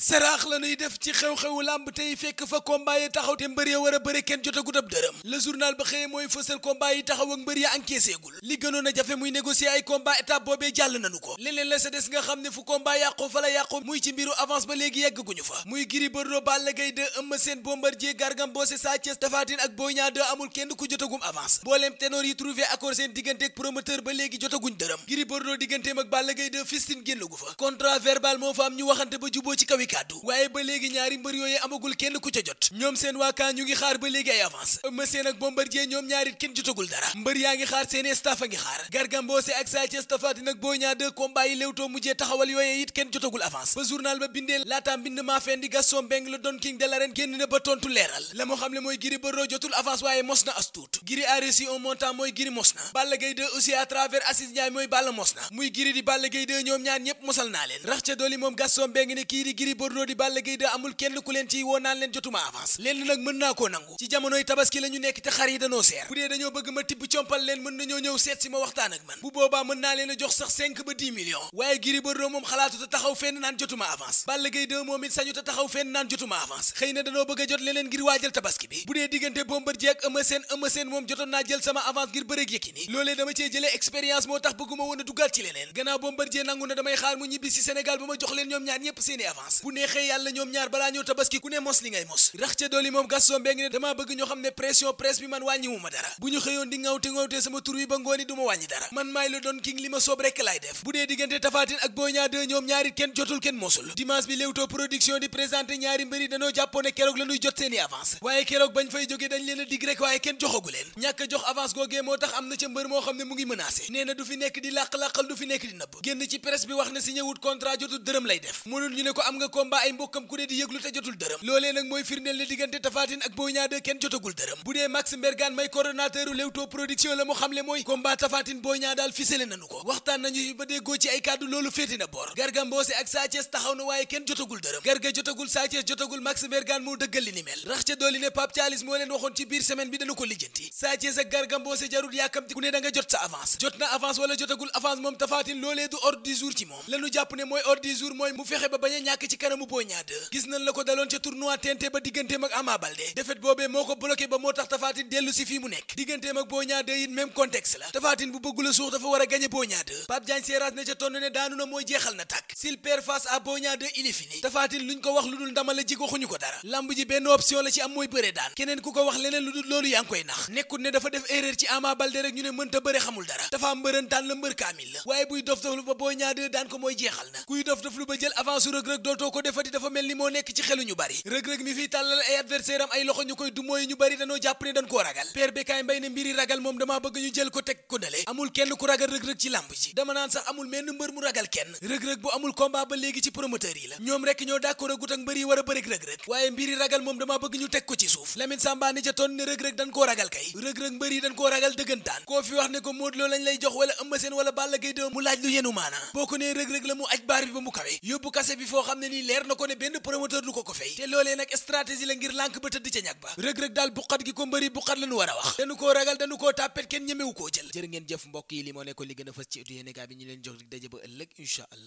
saraax la nuy def ci xew-xewu làmb tey fekk fa combat yi taxaw te mbër ya war a bëre kenn jotagut ab dërëm le journal ba xëye mooy fësal combat yi taxaw ak mbër ya encaissé gul li gënoon a jafe muy négocier ay combat étape boobee jàll nanu ko leneen la sa des nga xam ne fu combat yàqu fa la yàqu muy ci mbiru avance ba léegi yegguñu fa muy Gris Bordeaux Balla Gaye 2 Eumeu Sène Bombardier Gargambossé Sa Thiès Tapha Tine ak Boy Niang 2 amul kenn ku jotagum avance mbooleem ténor yi trouvé accord seen diggante ak promoteur ba léegi jotaguñ dërëm Gris Bordeaux digganteem ak Balla Gaye génn gu fa contrat verbal ñu waxante ba juboo ci kaw kàddu waaye ba léegi ñaari mbër yooyu amagul kenn ku ca jot ñoom seen waa ñu ngi xaar ba léegi ay avance Eumeu Sène ak Bombardier ñoom ñaari kenn jotagul dara mbër yaa ngi xaar seeni staff a ngi xaar Garga ak Sa Thiès Tapha Tine ak Boy Niang 2 combat mujjee taxawal yooye it kenn jotagul avance ba journal ba bindee laata mbind maa fendi Gaston Mbengue la Don King de génn na ba tontu leeral la moo xam ne mooy Gris Bordeaux jotul avance waaye a Bordeaux di Balla Gaye de amul kenn ku leen ciy woo naan leen jotuma avance lenn nag mën naa ko nangu ci jamonoy tabaski lañu ñu nekk te xar yi danoo seer bu dañoo bëgg ma tibb compal leen mën nañoo ñëw seet si ma waxtaan ak man bu boobaa mën naa leen a jox sax 5 ba 10 millions waaye Gris Bordeaux moom xalaatu te taxaw fenn naan jotuma avance Balla Gaye de moom it sañu te taxaw fenn naan jotuma avance xëy na danoo bëgg a jot leneen ngir waajal tabaski bi bu dee diggante Bombardier ak Eumeu Sène Eumeu Sène moom jotoon naa jël sama avance ngir bëreeg Yékini loolee dama tax bëgguma woon a duggaat ci leneen gannaaw Bombardier nangu na damay xaar si Sénégal ba ma jox leen ñoom ñaar ñépp seeni bu neexee yàlla ñoom ñaar balaa ñoo tabaski ku ne mos li ngay mos rax ca dooli moom Gaston Mbengue ne damaa bëgg ñoo xam ne pression presse bi man wàññiwu ma dara bu ñu xëyoon di ngawte ngawte sama tur wi ba ngooni du ma wàññi dara man maay la doon king li ma soob rekk laay def bu dee diggante tafaatin ak Boy Niang 2 ñoom ñaari kenn jotul kenn mosul dimanche bi Leewtoo production di présenté ñaari mbëri dañoo jàppoon keroog la jot seeni avance waaye combat ay mbokkam ku ne di yëglu te jotul dërëm loolee nag mooy firndeel ne diggante Tapha ak Boy Niang kenn jotagul dërëm bu dee Max Mbergane may coordonnateur Leewtoo production la mu xamle mooy combat Tapha Tine Boy Niang daal ko waxtaan nañu ba déggoo ci ay kàddu loolu féeti na bor Garga Mbossé ak Sa taxaw na waaye kenn jotagul dërëm Garga jotagul Sa jotagul Max Mbergane moo dëggal mel rax ca dooli ne Pape Thialis mooy ordre kanamu Boy Niang 2 gis nañ la ko daloon ca a wax lu ndama la jik waxuñu ko dara lamb ji benn option la ci am mooy bëre daan keneen ku ko wax leneen lu loolu yaa ngi koy nax nekkul ne dafa def erreur ci Ama Baldé rek ñu ne mënta bëre xamul dara dafa mbërën la mbër kaamil la waaye buy dof dof lu ba Boy daan ko mooy jeexal na kuy dof dof lu ba jël avance rëg rëg dootoo ko dama naan sax amul menn mbër mu ragal kenn rëg-rëg bu amul combat ba léegi ci promoteur yi la ñoom rek ñoo d'accord agut ak mbër yi war a rëg-rëg waaye mbiri ragal moom damaa bëgg ñu teg ko ci suuf Lamine Sambane ca ton ne rëg-rëg dañ koo ragal kay rëg-rëg mbër yi dañ koo ragal dëggantaan koo fi wax ne ko Modou Lo lañ lay jox wala Eumeu Sène wala Balla Gaye mu laaj lu yenu maana boo ko nee rëg-rëg la mu aj baar bi ba mu kawe yóbbu kase bi leer na ko ne benn promoteur du ko ko fay te loolee nag stratégie la ngir lànk ba tëdd ca ñag ba rëg-rëg daal buqat gi ko mbëri buqat lañu war wax dañu koo ragal dañu koo tàppet kenn ñemewu koo jël jërë ngeen jëf mbokk yi li moo nekkoon li gën a fës ci utu jox dig daje ba ëllëg incha allah